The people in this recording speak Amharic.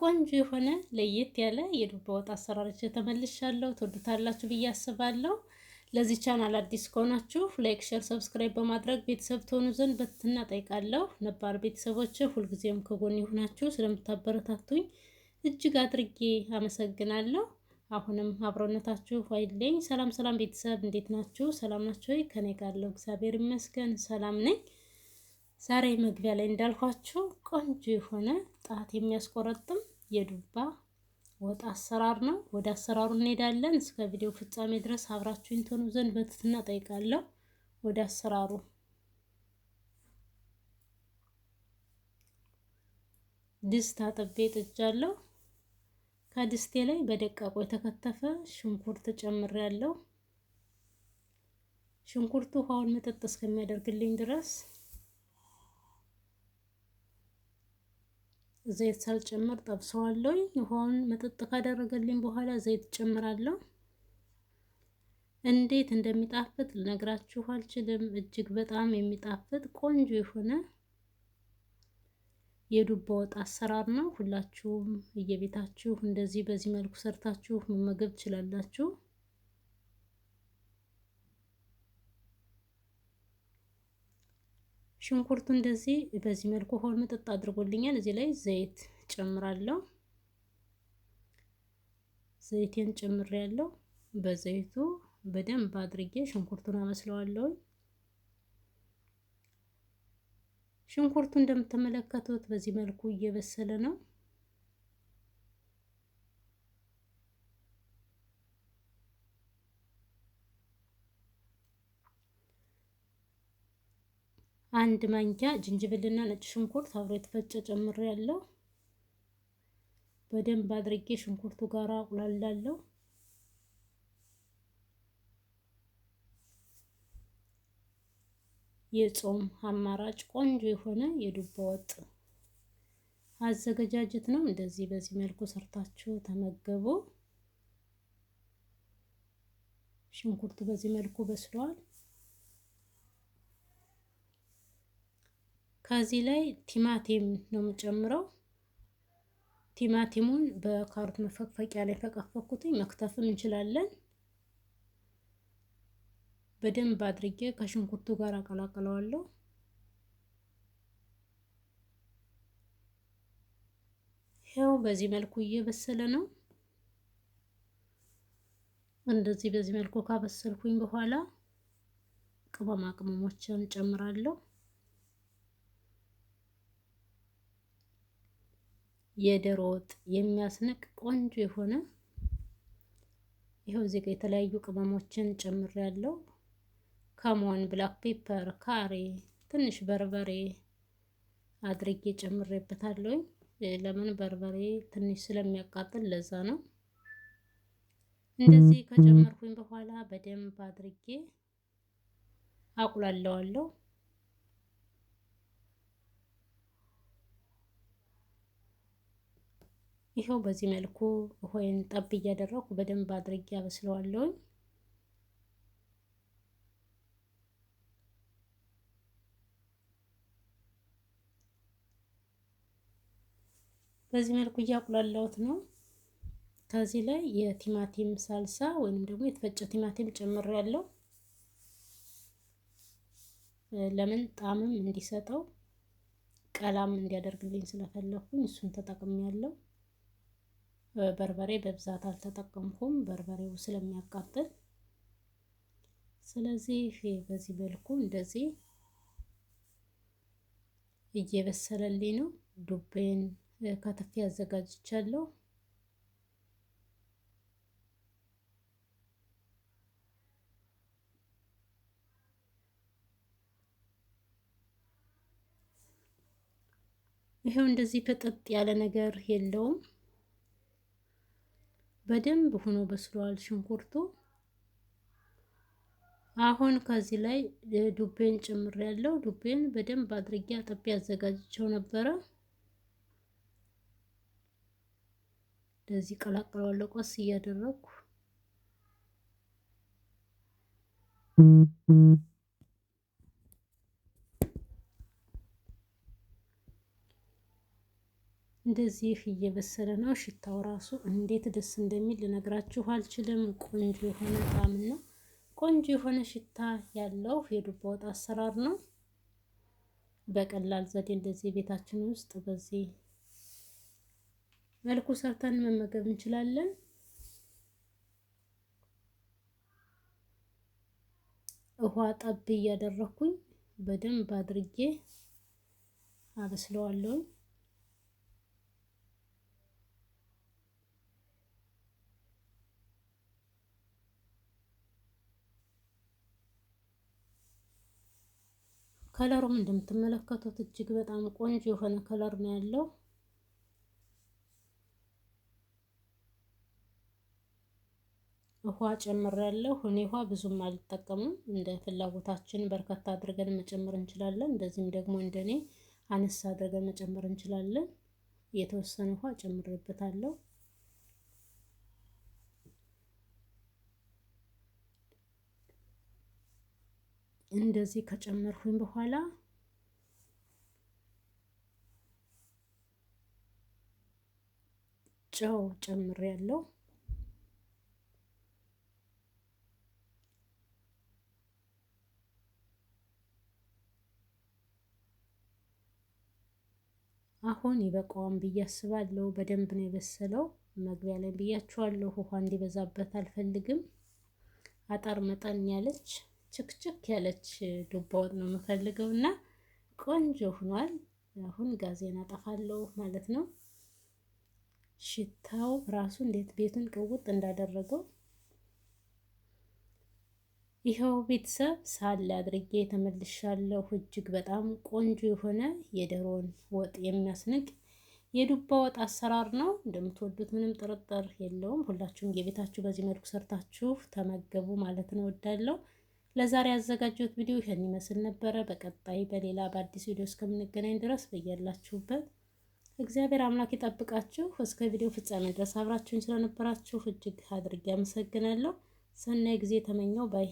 ቆንጆ የሆነ ለየት ያለ የዱባ ወጥ አሰራሮች ተመልሻለሁ። ትወዱታላችሁ ብዬ አስባለሁ። ለዚህ ቻናል አዲስ ከሆናችሁ ላይክ፣ ሼር፣ ሰብስክራይብ በማድረግ ቤተሰብ ትሆኑ ዘንድ በትህትና ጠይቃለሁ። ነባር ቤተሰቦች ሁልጊዜም ከጎን የሆናችሁ ስለምታበረታቱኝ እጅግ አድርጌ አመሰግናለሁ። አሁንም አብሮነታችሁ አይለኝ። ሰላም ሰላም ቤተሰብ፣ እንዴት ናችሁ? ሰላም ናችሁ ወይ? ከኔ ጋር አለው እግዚአብሔር ይመስገን ሰላም ነኝ። ዛሬ መግቢያ ላይ እንዳልኳችሁ ቆንጆ የሆነ ጣት የሚያስቆረጥም የዱባ ወጥ አሰራር ነው። ወደ አሰራሩ እንሄዳለን። እስከ ቪዲዮ ፍጻሜ ድረስ አብራችሁኝ ትሆኑ ዘንድ በትህትና ጠይቃለሁ። ወደ አሰራሩ ድስት አጥቤ ጥጃለሁ። ከድስቴ ላይ በደቃቁ የተከተፈ ሽንኩርት ጨምሬያለሁ። ሽንኩርቱ ውሃውን መጠጥ እስከሚያደርግልኝ ድረስ ዘይት ሳልጨምር ጠብሰዋለሁ። ውሃውን መጠጥ ካደረገልኝ በኋላ ዘይት ጨምራለሁ። እንዴት እንደሚጣፍጥ ልነግራችሁ አልችልም። እጅግ በጣም የሚጣፍጥ ቆንጆ የሆነ የዱባ ወጥ አሰራር ነው። ሁላችሁም እየቤታችሁ እንደዚህ በዚህ መልኩ ሰርታችሁ መመገብ ትችላላችሁ። ሽንኩርቱ እንደዚህ በዚህ መልኩ ሆል መጠጥ አድርጎልኛል። እዚህ ላይ ዘይት ጨምራለሁ። ዘይቴን ጨምር ያለው በዘይቱ በደንብ አድርጌ ሽንኩርቱን አመስለዋለሁ። ሽንኩርቱ እንደምትመለከቱት በዚህ መልኩ እየበሰለ ነው። አንድ ማንኪያ ጅንጅብልና ነጭ ሽንኩርት አብሮ የተፈጨ ጨምር ያለው በደንብ አድርጌ ሽንኩርቱ ጋር አቁላላለሁ። የጾም አማራጭ ቆንጆ የሆነ የዱባ ወጥ አዘገጃጀት ነው። እንደዚህ በዚህ መልኩ ሰርታችሁ ተመገቡ። ሽንኩርቱ በዚህ መልኩ በስሏል። ከዚህ ላይ ቲማቲም ነው የምጨምረው። ቲማቲሙን በካሮት መፈቅፈቂያ ላይ ፈቀፈኩትኝ። መክተፍም እንችላለን። በደንብ አድርጌ ከሽንኩርቱ ጋር አቀላቅለዋለሁ። ይኸው በዚህ መልኩ እየበሰለ ነው። እንደዚህ በዚህ መልኩ ካበሰልኩኝ በኋላ ቅመማ ቅመሞችን ጨምራለሁ። የዶሮ ወጥ የሚያስንቅ ቆንጆ የሆነ ይኸው ዜጋ የተለያዩ ቅመሞችን ጨምር ያለው ከሞን፣ ብላክ ፔፐር፣ ካሬ፣ ትንሽ በርበሬ አድርጌ ጨምሬበታለሁ። ለምን በርበሬ ትንሽ ስለሚያቃጥል ለዛ ነው። እንደዚህ ከጨመርኩኝ በኋላ በደንብ አድርጌ አቁላለዋለሁ። ይኸው በዚህ መልኩ ሆይን ጠብ እያደረኩ በደንብ አድርጌ አበስለዋለሁኝ። በዚህ መልኩ እያቁላላሁት ነው። ከዚህ ላይ የቲማቲም ሳልሳ ወይንም ደግሞ የተፈጨ ቲማቲም ጨምር ያለው ለምን ጣዕምም እንዲሰጠው ቀላም እንዲያደርግልኝ ስለፈለኩኝ እሱን ተጠቅሜ ያለው በርበሬ በብዛት አልተጠቀምኩም በርበሬው ስለሚያቃጥል። ስለዚህ በዚህ መልኩ እንደዚህ እየበሰለልኝ ነው። ዱቤን ከትፌ አዘጋጅቻለሁ። ይሄው እንደዚህ ፍጥጥ ያለ ነገር የለውም። በደንብ ሆኖ በስሏል ሽንኩርቱ። አሁን ከዚህ ላይ ዱቤን ጨምር ያለው ዱቤን በደንብ አድርጌ አጥቤ አዘጋጅቸው ነበረ። እንደዚህ ቀላቅለዋለሁ ቆስ እያደረኩ እንደዚህ እየበሰለ ነው። ሽታው ራሱ እንዴት ደስ እንደሚል ልነግራችሁ አልችልም። ቆንጆ የሆነ ጣዕም ነው። ቆንጆ የሆነ ሽታ ያለው የዱባ ወጥ አሰራር ነው። በቀላል ዘዴ እንደዚህ ቤታችን ውስጥ በዚህ መልኩ ሰርተን መመገብ እንችላለን። ውሃ ጠብ እያደረኩኝ በደንብ አድርጌ አበስለዋለሁኝ። ከለሩም እንደምትመለከቱት እጅግ በጣም ቆንጆ የሆነ ከለር ነው ያለው። ውሃ ያለው እኔ ውሃ ብዙም አልጠቀምም። እንደ ፍላጎታችን በርካታ አድርገን መጨመር እንችላለን። እንደዚህም ደግሞ እንደኔ አነሳ አድርገን መጨመር እንችላለን። የተወሰነ ውሃ ጨምርበታለሁ። እንደዚህ ከጨመርኩኝ በኋላ ጨው ጨምር ያለው አሁን ይበቃዋን ብዬ አስባለሁ። በደንብ ነው የበሰለው። መግቢያ ላይ ብያችኋለሁ፣ ውሃ እንዲበዛበት አልፈልግም። አጠር መጠን ያለች ችክችክ ያለች ዱባ ወጥ ነው የምፈልገው እና ቆንጆ ሆኗል። አሁን ጋዜን አጠፋለሁ ማለት ነው። ሽታው ራሱ እንዴት ቤቱን ቅውጥ እንዳደረገው ይኸው ቤተሰብ ሳል አድርጌ ተመልሻለሁ። እጅግ በጣም ቆንጆ የሆነ የደሮን ወጥ የሚያስንቅ የዱባ ወጥ አሰራር ነው። እንደምትወዱት ምንም ጥርጥር የለውም። ሁላችሁም የቤታችሁ በዚህ መልኩ ሰርታችሁ ተመገቡ ማለት ነው እወዳለሁ። ለዛሬ ያዘጋጀሁት ቪዲዮ ይህን ይመስል ነበረ። በቀጣይ በሌላ በአዲስ ቪዲዮ እስከምንገናኝ ድረስ በያላችሁበት እግዚአብሔር አምላክ ይጠብቃችሁ። እስከ ቪዲዮ ፍጻሜ ድረስ አብራችሁን ስለነበራችሁ እጅግ አድርጌ አመሰግናለሁ። ሰናይ ጊዜ ተመኘው ባይ